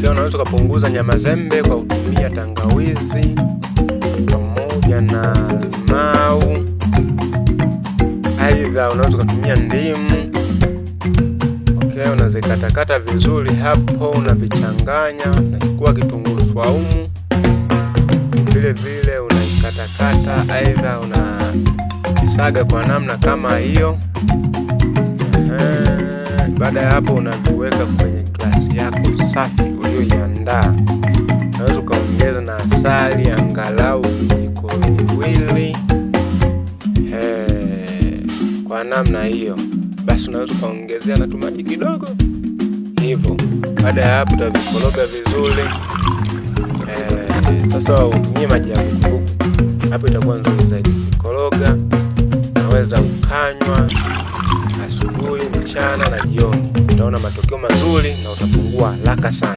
Pia unaweza ukapunguza nyama zembe kwa kutumia tangawizi pamoja na limau. Aidha, unaweza ukatumia ndimu. Okay, unazikatakata vizuri hapo, unavichanganya. Unachukua kitunguu swaumu vile vile unaikatakata, aidha una kwa namna kama hiyo. Baada ya hapo, unaviweka kwenye glasi yako safi ulioiandaa. Unaweza ukaongeza na asali angalau vijiko viwili. Kwa namna hiyo basi, unaweza ukaongezea na tumaji kidogo hivyo. Baada ya hapo, utavikoroga vizuri. Sasa utumie maji ya vuguvugu, hapo itakuwa nzuri zaidi. Koroga, unaweza ukanywa asubuhi mchana na jioni, utaona matokeo mazuri na utapungua haraka sana.